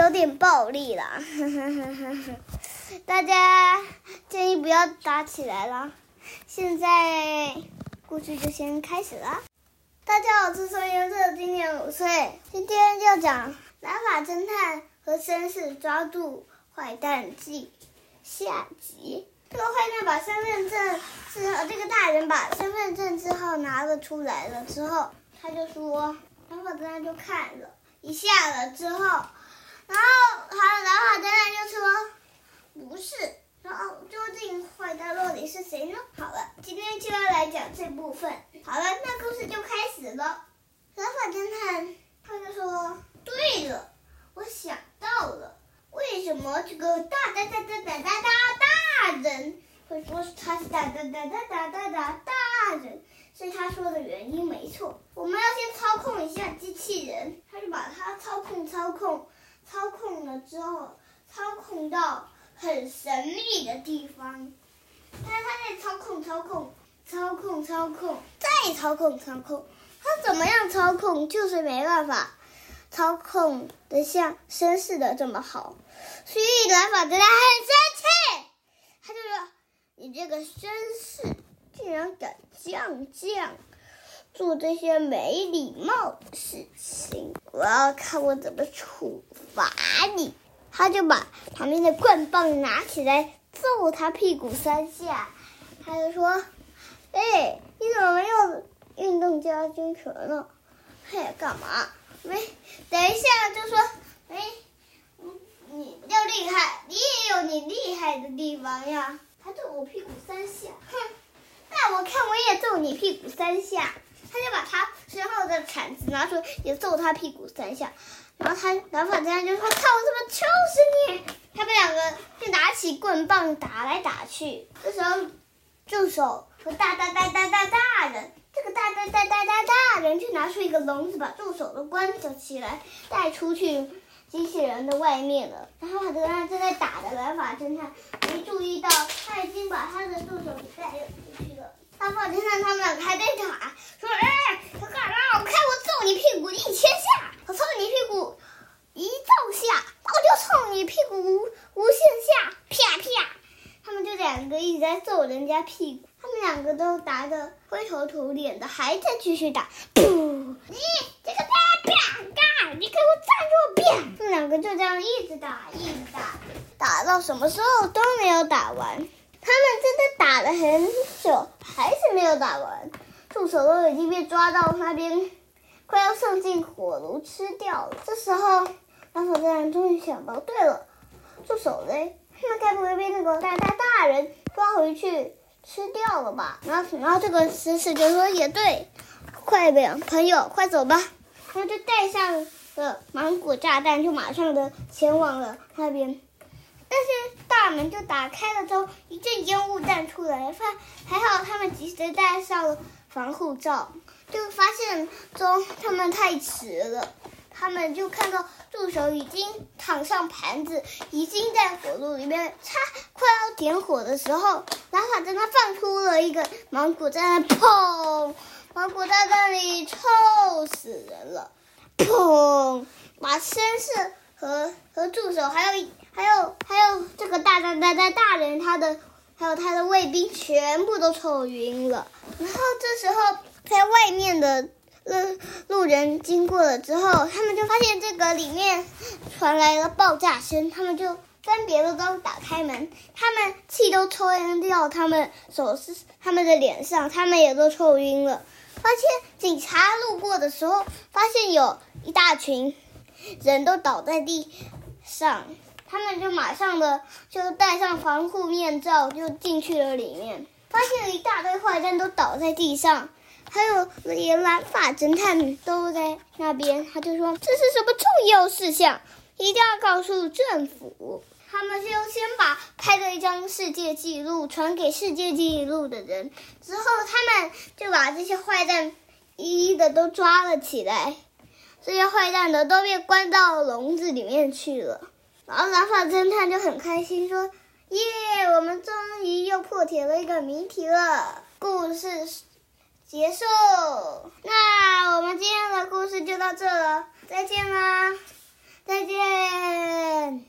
有點暴力了呵、呵呵呵，大家建議不要打起來了。現在故事就先開始了。大家好，我是宋元策，今年五歲。今天要講《藍髮偵探和紳士抓住壞蛋記》下集。這個壞蛋把身份證之後，這個大人把身份證之後拿了出來了之後，他就說，藍髮偵探就看了，一下了之後。然後還有藍髮偵探就說不是，然後究竟壞蛋到底是誰呢？好了，今天就要來講這部分。好了，那故事就開始了。藍髮偵探他就說，對了，我想到了，為什麼這個大大大大大大大大大人會說是他是大大大大大大大大大人？是他說的原因沒錯。我們要先操控一下機器人，他就把它操控操控。之後操控到很神秘的地方，他他在操控操控操控操控，再操控操控，他怎麼樣操控就是沒辦法，操控得像紳士的這麼好，所以藍髮覺得很生氣，他就說：“你這個紳士竟然敢降降做這些沒禮貌的事情，我要看我怎麼處罰你。”他就把旁邊的棍棒拿起來揍他屁股三下。他就說：“哎，你怎麼沒有運動家精神了？嘿、哎，幹嘛？喂，等一下就說，喂，你要厲害，你也有你厲害的地方呀。還揍我屁股三下，哼！那我看我也揍你屁股三下。”他就把他身後的鏟子拿出來，也揍他屁股三下，然後他藍髮偵探就說：“看我怎麼敲死你！”他們兩個就拿起棍棒打來打去。這時候，助手和大大大大大大人，這個大大大大大大，大人就拿出一個籠子，把助手都關了起來，帶出去機器人的外面了。然後他就偵探正在打的藍髮偵探沒注意到，他已經把他的助手給帶出去。放就上，他們還在打，說：“哎，他幹啥？我看我揍你屁股一千下，我揍你屁股一揍下，我就揍你屁股無無限下，啪啪。”他們就兩個一直在揍人家屁股，他們兩個都打得灰頭土臉的，還在繼續打。噗！你這個大便，幹！你給我站住！他們兩個就這樣一直打，一直打，打到什麼時候都沒有打完。他們真的打了很久。還是沒有打完，助手都已經被抓到那邊，快要送進火爐吃掉了。這時候，老虎大人終於想到，對了，助手嘞，那該不會被那個大大大人抓回去吃掉了吧？然後，然後這個紳士就說，也對，快點，朋友，快走吧。然後就帶上了芒果炸彈，就馬上的前往了那邊。但是。門就打開了，之後，一陣煙霧彈出來，發還好他們及時戴上了防護罩，就發現中他們太遲了，他們就看到助手已經躺上盤子，已經在火爐裡面，差快要點火的時候，然後真的放出了一個芒果，在那砰，芒果在那裡臭死人了，砰，把紳士和和助手還有一。還有還有這個大大大大大、大人，他的還有他的衛兵全部都臭暈了。然後這時候在外面的路、呃、路人經過了之後，他們就發現這個裡面傳來了爆炸聲，他們就分別的都打開門，他們氣都抽煙掉，他們手是他們的臉上，他們也都臭暈了。而且警察路過的時候，發現有一大群人都倒在地上。他們就馬上的就戴上防護面罩，就進去了裡面，發現了一大堆壞蛋都倒在地上，還有連藍髮偵探都在那邊。他就說：“這是什麼重要事項，一定要告訴政府。”他們就先把拍的一張世界紀錄傳給世界紀錄的人，之後他們就把這些壞蛋一一的都抓了起來，這些壞蛋的都被關到籠子裡面去了。然後，藍髮偵探就很開心，說：“耶，我們終於又破解了一個謎題了。”故事結束。那我們今天的故事就到這了，再見啦，再見。